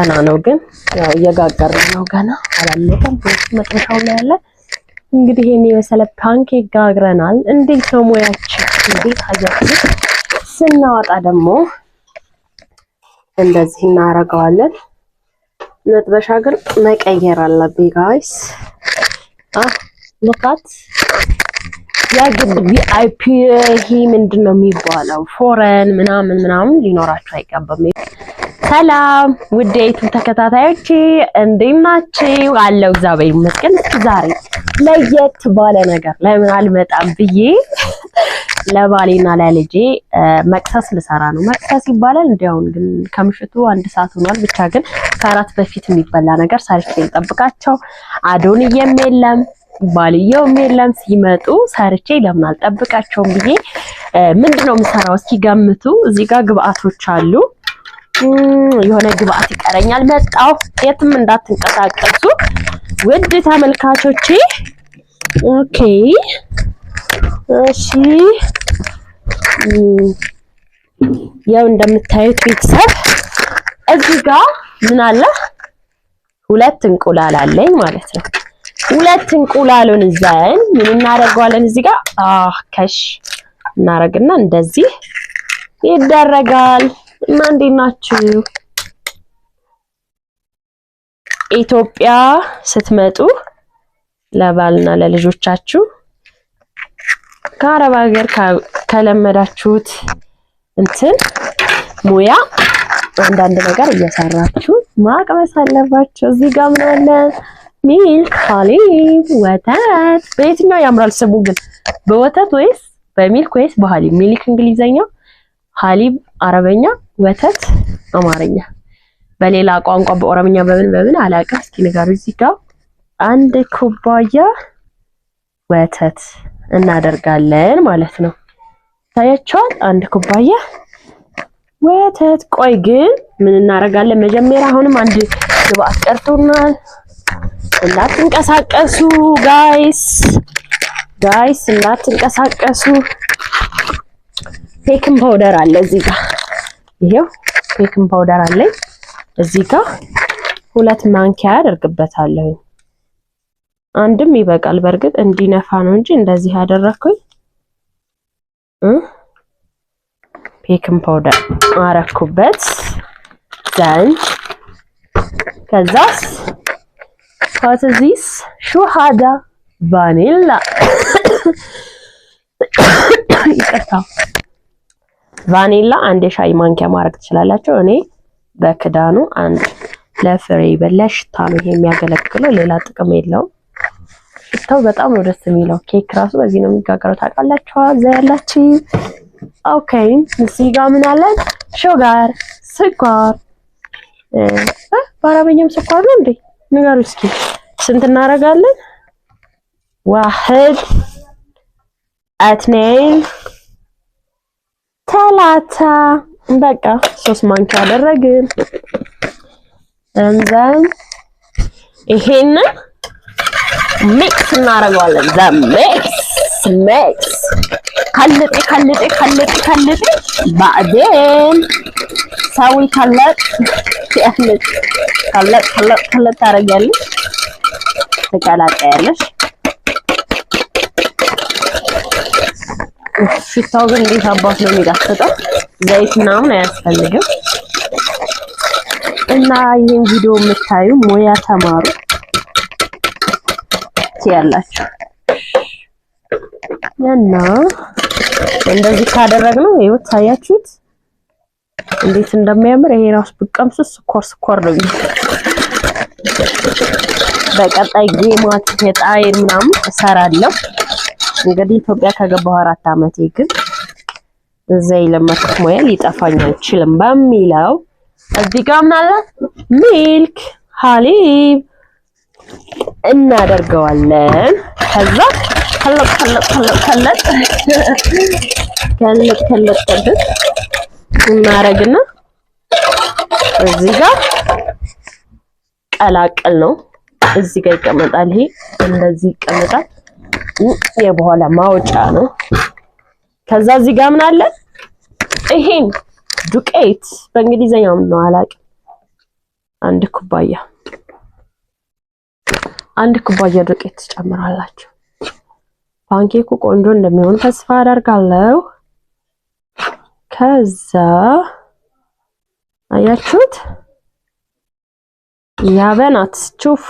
ገና ነው፣ ግን ያው እየጋገር ነው። ገና አላለቀም። መጥረሻው ላይ ያለ እንግዲህ ይሄን የመሰለ ፓንኬክ ጋግረናል። እንዴት ነው ሙያችን? እንዴት አያችሁ? ስናወጣ ደግሞ እንደዚህ እናደርገዋለን። መጥበሻ ግን መቀየር አለብኝ ጋይስ። አህ ሉካት ያ ግድ ቪአይፒ ይሄ ምንድን ነው የሚባለው ፎረን ምናምን ምናምን ሊኖራቸው አይገባም። ሰላም ውድ የዩቱብ ተከታታዮች እንዴት ናችሁ? አለው እግዚአብሔር ይመስገን። ዛሬ ለየት ባለ ነገር ለምን አልመጣም ብዬ ለባሌና ለልጄ መቅሰስ ልሰራ ነው። መቅሰስ ይባላል እንዲያውም ግን ከምሽቱ አንድ ሰዓት ሆኗል። ብቻ ግን ከአራት በፊት የሚበላ ነገር ሰርቼ ልጠብቃቸው። አዶንዬም የለም ባልየውም የለም። ሲመጡ ሰርቼ ለምን አልጠብቃቸውም ብዬ ምንድነው የምሰራው እስኪ ገምቱ። እዚህ ጋር ግብአቶች አሉ የሆነ ግብአት ይቀረኛል። መጣሁ። የትም እንዳትንቀሳቀሱ ውድ ተመልካቾቼ። ኦኬ፣ እሺ። ያው እንደምታዩት ቤተሰብ እዚህ ጋር ምን አለ? ሁለት እንቁላል አለኝ ማለት ነው። ሁለት እንቁላሉን ይዘን ምን እናደርገዋለን? እዚህ ጋር አህ ከሽ እናደርግና እንደዚህ ይደረጋል። እና እንዴት ናችሁ? ኢትዮጵያ ስትመጡ ለባልና ለልጆቻችሁ ከአረብ ሀገር ከለመዳችሁት እንትን ሙያ አንዳንድ ነገር እየሰራችሁ ማቅመስ አለባቸው። እዚህ ጋር ምን አለ? ሚልክ ሀሊብ፣ ወተት። በየትኛው ያምራል ስሙ ግን በወተት ወይስ በሚልክ ወይስ በሀሊብ? ሚልክ እንግሊዘኛ፣ ሀሊብ አረበኛ ወተት አማርኛ በሌላ ቋንቋ በኦሮምኛ በምን በምን አላውቅም። እስኪ ንገሩ። እዚህ ጋር አንድ ኩባያ ወተት እናደርጋለን ማለት ነው። ታያችኋል። አንድ ኩባያ ወተት። ቆይ ግን ምን እናደርጋለን? መጀመሪያ አሁንም አንድ ግብአት ቀርቶናል። እንዳትንቀሳቀሱ ጋይስ፣ ጋይስ እንዳትንቀሳቀሱ። ቤኪንግ ፓውደር አለ እዚህ ጋር ይሄው ቤኪንግ ፓውደር አለኝ እዚህ ጋር ሁለት ማንኪያ አደርግበታለሁ። አንድም ይበቃል። በእርግጥ እንዲነፋ ነው እንጂ እንደዚህ ያደረኩኝ ቤኪንግ ፓውደር አረኩበት ዘንድ ከዛስ ፋትዚስ ሹሃዳ ቫኒላ ይቅርታ ቫኒላ አንድ የሻይ ማንኪያ ማድረግ ትችላላችሁ። እኔ በክዳኑ አንድ ለፍሬ በለሽታ ነው ይሄ የሚያገለግለው፣ ሌላ ጥቅም የለውም። ሽታው በጣም ነው ደስ የሚለው። ኬክ ራሱ በዚህ ነው የሚጋገረው። ታውቃላችሁ እዛ ያላችሁ። ኦኬ እዚህ ጋር ምን አለን? ሹጋር፣ ስኳር። በአረበኛም ስኳር ነው እንዴ? ንገሩ እስኪ ስንት እናደርጋለን? ዋህድ አትነይን ሰላሳ በቃ ሶስት ማንኪያ አደረግን። እንዘን ይሄንን ሚክስ እናደርገዋለን። ዘ ሚክስ ሚክስ ከልጤ ከልጤ ከልጤ ከልጤ ባዕዴን ሰዊ ከለጥ ያለች ከለጥ ከለጥ ከለጥ ታደርጊያለሽ፣ ትቀላቀያለሽ ሽታው ግን እንዴት አባት ነው የሚጣፍጠው። ዘይት ምናምን አያስፈልግም። እና ይህን ቪዲዮ የምታዩ ሙያ ተማሩ ያላችሁ እና እንደዚህ ካደረግነው ይኸው ታያችሁት እንዴት እንደሚያምር ይሄ ራሱ ብቀምሱ ስኮር ስኮር ነው። በቀጣይ ጌማት የጣይን ምናምን እሰራለሁ። እንግዲህ ኢትዮጵያ ከገባሁ አራት ዓመቴ ግን እዛ የለመድኩት ሙያ ሊጠፋኝ አይችልም በሚለው እዚህ ጋር ምን አለ ሚልክ ሀሊብ እናደርገዋለን። ከዛ ከለጥ ከለጥ ከለጥ ከለጥ ከለጥ ከለጥ ከለጥ እናረግና እዚህ ጋር ቀላቅል ነው። እዚህ ጋር ይቀመጣል። ይሄ እንደዚህ ይቀመጣል። የበኋላ ማውጫ ነው። ከዛ እዚህ ጋር ምን አለ? ይሄን ዱቄት በእንግሊዘኛ ምን ነው አላውቅም። አንድ ኩባያ አንድ ኩባያ ዱቄት ትጨምራላችሁ። ፓንኬኩ ቆንጆ እንደሚሆን ተስፋ አደርጋለሁ። ከዛ አያችሁት ያበናት ቹፉ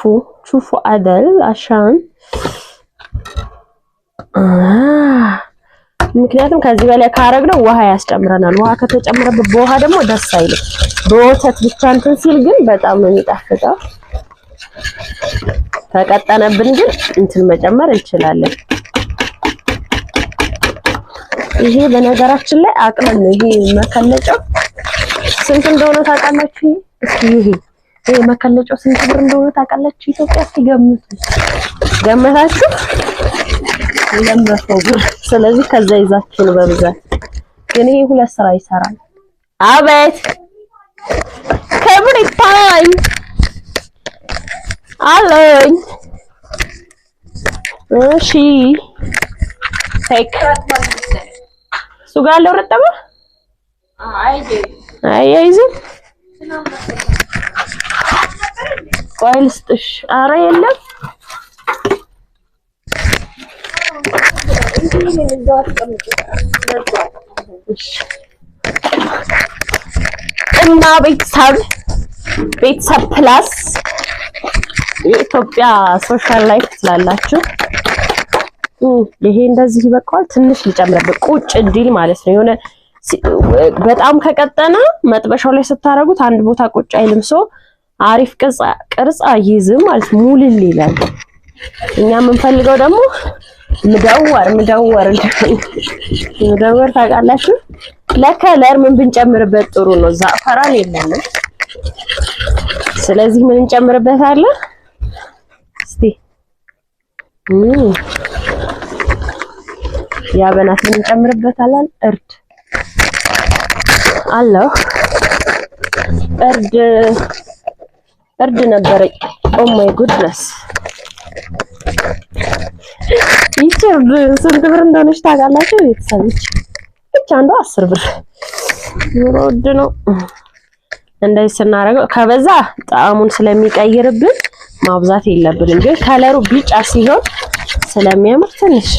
ቹፉ አደል አሻን ምክንያቱም ከዚህ በላይ ካረግነው ውሃ ያስጨምረናል። ውሃ ከተጨመረበት በውሃ ደግሞ ደስ አይልም። በወተት ብቻ እንትን ሲል ግን በጣም ነው የሚጣፍጠው። ተቀጠነብን ግን እንትን መጨመር እንችላለን። ይሄ በነገራችን ላይ አቅመን ነው። ይሄ መከለጫው ስንት እንደሆነ ታውቃላችሁ? እስኪ ይሄ ይሄ መከለጫው ስንት ብር እንደሆነ ታውቃላችሁ? ኢትዮጵያ እስኪ ገምቱ። ገመታችሁ? ለመቶ ስለዚህ ከዛ ይዛችሁ ነው በብዛት። ግን ይሄ ሁለት ስራ ይሰራል። አቤት ክብር ይታለኝ አለኝ። እሺ ቴክ እሱ ጋር አለው ረጠበ አያይዝም ቆይ ልስጥሽ። ኧረ የለም እና ቤተሰብ ቤተሰብ ፕላስ የኢትዮጵያ ሶሻል ላይፍ ስላላችሁ ይሄ እንደዚህ ይበቃዋል። ትንሽ ሊጨምረበት ቁጭ እንዲል ማለት ነው። የሆነ በጣም ከቀጠነ መጥበሻው ላይ ስታረጉት አንድ ቦታ ቁጭ አይልም። ሶ አሪፍ ቅርጽ ቅርጽ ይዝም ማለት ሙልል ይላል። እኛ የምንፈልገው ደግሞ ምደወር ምደወር ምደወር ታውቃላችሁ። ለከለር ምን ብንጨምርበት ጥሩ ነው? ዛፈራን የለንም። ስለዚህ ምን አለ? እስቲ ያ ምን እንጨምርበታለን? እርድ አለው። እርድ እርድ ነበረኝ። ኦ ማይ ጉድነስ ይቺ ስንት ብር እንደሆነች ታውቃላችሁ? ቤተሰቦች ብቻ አንዱ አስር ብር ኑሮ ውድ ነው። እንደዚህ ስናደርገው ከበዛ ጣዕሙን ስለሚቀይርብን ማብዛት የለብንም። ግን ከለሩ ቢጫ ሲሆን ስለሚያምር ትንሽ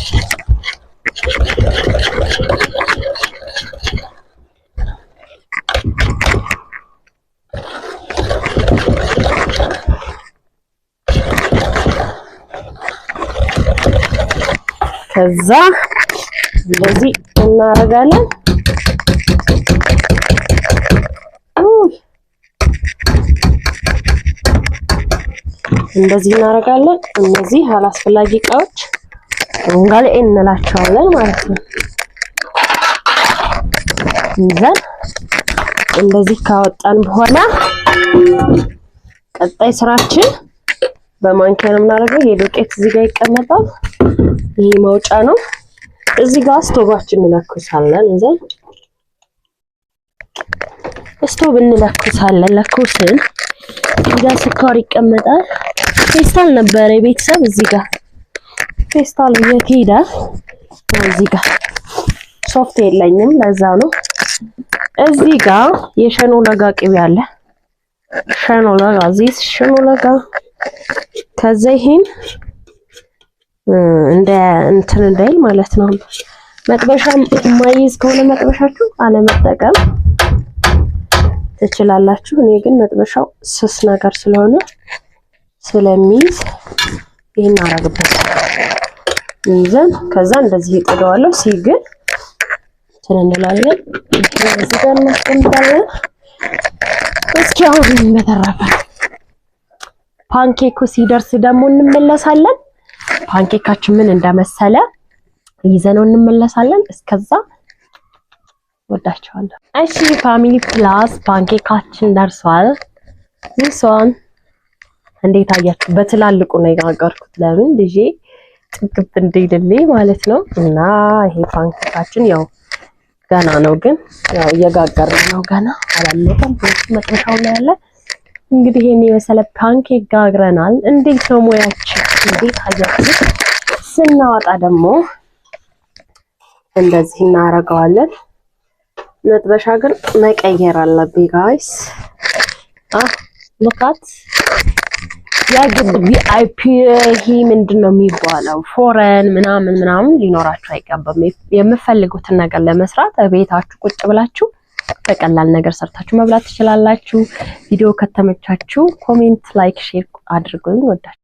ከዛ እንደዚህ እናደርጋለን። እንደዚህ እናደርጋለን። እነዚህ አላስፈላጊ እቃዎች እንጋለ እንላቸዋለን ማለት ነው። ይዘን እንደዚህ ካወጣን በኋላ ቀጣይ ስራችን በማንኪያ ነው የምናደርገው። የዱቄት እዚህ ጋር ይቀመጣል። ይሄ ማውጫ ነው። እዚህ ጋር ስቶቫችን እንለኩሳለን። ይዘን ስቶቭ እንለኩሳለን። ለኩስን እዚህ ጋር ስኳር ይቀመጣል። ፌስታል ነበረ የቤተሰብ እዚህ ጋር ፌስታል የት ሄደ? እዚህ ጋር ሶፍት የለኝም ለዛ ነው። እዚህ ጋር የሸኖ ለጋ ቅቤ አለ። ሸኖ ለጋ እዚህ ሸኖ ለጋ ከዛ ይሄን እንደ እንትን እንዳይል ማለት ነው። መጥበሻ ማይዝ ከሆነ መጥበሻችሁ አለመጠቀም ትችላላችሁ። እኔ ግን መጥበሻው ስስ ነገር ስለሆነ ስለሚይዝ ይሄን አረግበት ይዘን ከዛ እንደዚህ ይጥደዋለሁ። ሲግል ትንንላለን ይሄ እዚህ ጋር እናስቀምጣለን። እስኪ አሁን በተረፈ ፓንኬኩ ሲደርስ ደግሞ እንመለሳለን። ፓንኬካችን ምን እንደመሰለ ይዘነው እንመለሳለን። እስከዛ ወዳቸዋለሁ። እሺ ፋሚሊ ፕላስ ፓንኬካችን ደርሷል። ይሷን እንዴት አያችሁ? በትላልቁ ነው የጋገርኩት። ለምን ልጄ ጥግብ እንዲልልኝ ማለት ነው። እና ይሄ ፓንኬካችን ያው ገና ነው፣ ግን ያው እየጋገርን ነው። ገና አላለቀም። መጥረሻው ላይ ያለ እንግዲህ ይሄን የመሰለ ፓንኬክ ጋግረናል። እንዴት ነው ሙያችን? እንዴት አያችሁ? ስናወጣ ደግሞ እንደዚህ እናደርገዋለን። መጥበሻ ግን መቀየር አለብኝ ጋይስ። አህ የግድ ቪአይፒ ይሄ ምንድን ነው የሚባለው ፎረን ምናምን ምናምን ሊኖራችሁ አይገባም። የምፈልጉትን ነገር ለመስራት ቤታችሁ ቁጭ ብላችሁ በቀላል ነገር ሰርታችሁ መብላት ትችላላችሁ። ቪዲዮ ከተመቻችሁ ኮሜንት፣ ላይክ፣ ሼር አድርጉልኝ። ወዳችሁ